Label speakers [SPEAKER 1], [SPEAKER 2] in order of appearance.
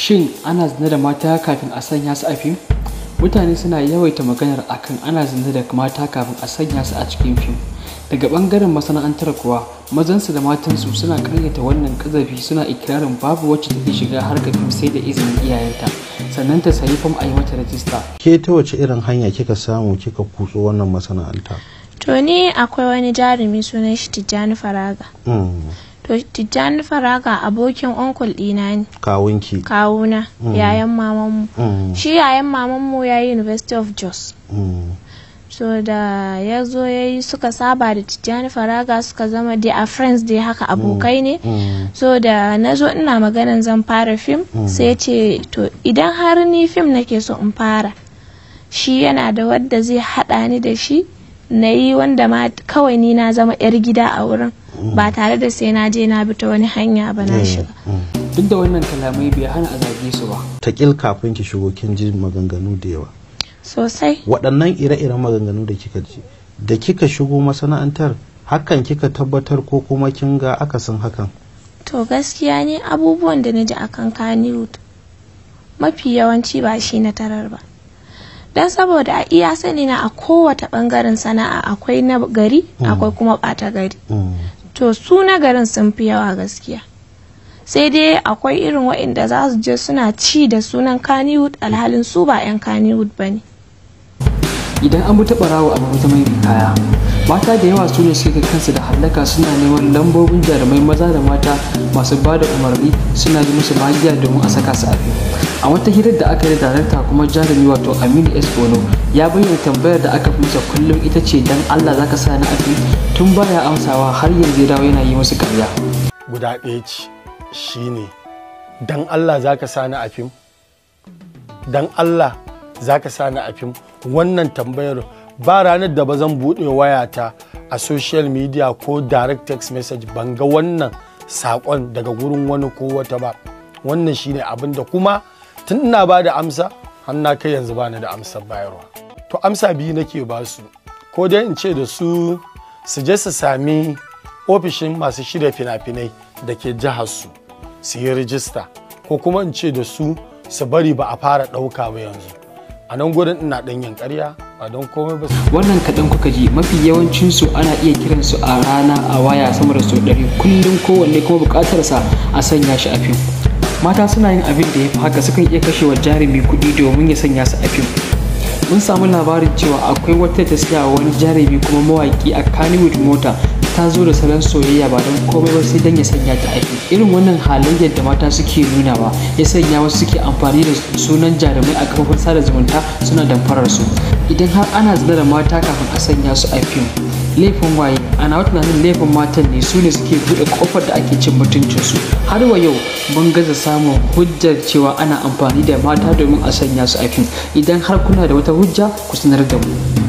[SPEAKER 1] shin ana zina da mata kafin a sanya su a fim mutane suna yawaita maganar akan ana zina da mata kafin a sanya su a cikin fim daga bangaren masana'antar kuwa mazansu da matansu suna karyata wannan kazafi suna ikirarin babu wacce take shiga
[SPEAKER 2] har fim sai
[SPEAKER 1] da izinin iyayenta sannan ta sayi fam a yi mata rajista
[SPEAKER 3] ke ta wace irin hanya kika samu kika kutso wannan masana'anta
[SPEAKER 2] to ni akwai wani jarumi sunan shi tijjani faraga mm. to tijjani faraga abokin onkul ɗina ne
[SPEAKER 3] kawunki
[SPEAKER 2] kawuna mm. yayan mamanmu mm. shi yayan mamanmu ya yi university of jos mm. so da ya zo ya yi suka saba da tijjani faraga suka zama dai a friends dai haka abokai ne so da na zo ina maganin zan fara fim sai ce to idan har ni fim nake so in fara shi yana da wadda zai hada ni da shi na yi wanda ma kawai ni na zama 'yar gida a wurin ba tare da sai na je na bi ta wani hanya ba na mm, shiga
[SPEAKER 1] mm. duk da wannan kalamai bai hana a zage su ba
[SPEAKER 3] ta kil kafin ki shigo kin ji maganganu da yawa sosai waɗannan ire-iren maganganu da kika ji da kika shigo masana'antar hakan kika tabbatar ko kuma kin ga akasin hakan
[SPEAKER 2] to gaskiya ne abubuwan da na ji akan kaniwood mafi yawanci ba shi na tarar ba don saboda a iya sani na a kowace bangaren sana'a akwai na gari mm. akwai kuma bata gari to su na garin sun fi yawa gaskiya sai dai akwai irin waɗanda za su je suna ci da sunan kaniwood alhalin su ba 'yan Kannywood ba ne
[SPEAKER 1] idan an buta rawa a ta mai kaya mata da yawa su ne suke kansu da hallaka suna neman lambobin jarumai maza da mata masu ba da umarni suna yi musu magiya domin a saka su a a wata hirar da aka yi darakta kuma jarumi wato aminu esbono ya bayyana tambayar da aka fi masa kullum ita ce dan allah zaka sa ni a tun baya amsawa har yanzu ya dawo yana yi musu karya
[SPEAKER 4] guda ɗaya ce shine dan allah zaka sa ni sa ni a fim wannan tambayar ba ranar da ba zan buɗe wayata a social media ko direct text message ban ga wannan saƙon daga gurin wani ko wata ba wannan shine abin da kuma tun ina ba da amsa hanna kai yanzu bani da amsa bayarwa to amsa biyu nake ba su ko dai in ce da su su je su sami ofishin masu shirya fina-finai da ke jihar su su yi rijista ko kuma in ce da su su bari ba a fara ɗauka ba yanzu a nan gurin ina dan yin
[SPEAKER 1] ba don komai ba wannan kaɗan kuka ji mafi yawancin su ana iya kiran su a rana a waya sama da sau ɗari kullum kowanne kuma bukatar sa a sanya shi a fim mata suna yin abin da ya fi haka sukan iya kashewa jarumi kuɗi domin ya sanya su a fim mun samu labarin cewa akwai wata ta wani jarumi kuma mawaki a kannywood mota ta zo da salon soyayya ba don komai ba sai don ya sanya ta aiki irin wannan halayyar da mata suke nuna ba ya sanya wasu suke amfani da sunan jarumai a kafafen sada zumunta suna damfarar su idan har ana zina da mata kafin a sanya su aiki fim laifin waye ana wata tunanin laifin matan ne su ne suke buɗe kofar da ake cin mutuncin su. har wa yau mun gaza samun hujjar cewa ana amfani da mata domin a sanya su aiki, idan har kuna da wata hujja ku sanar da mu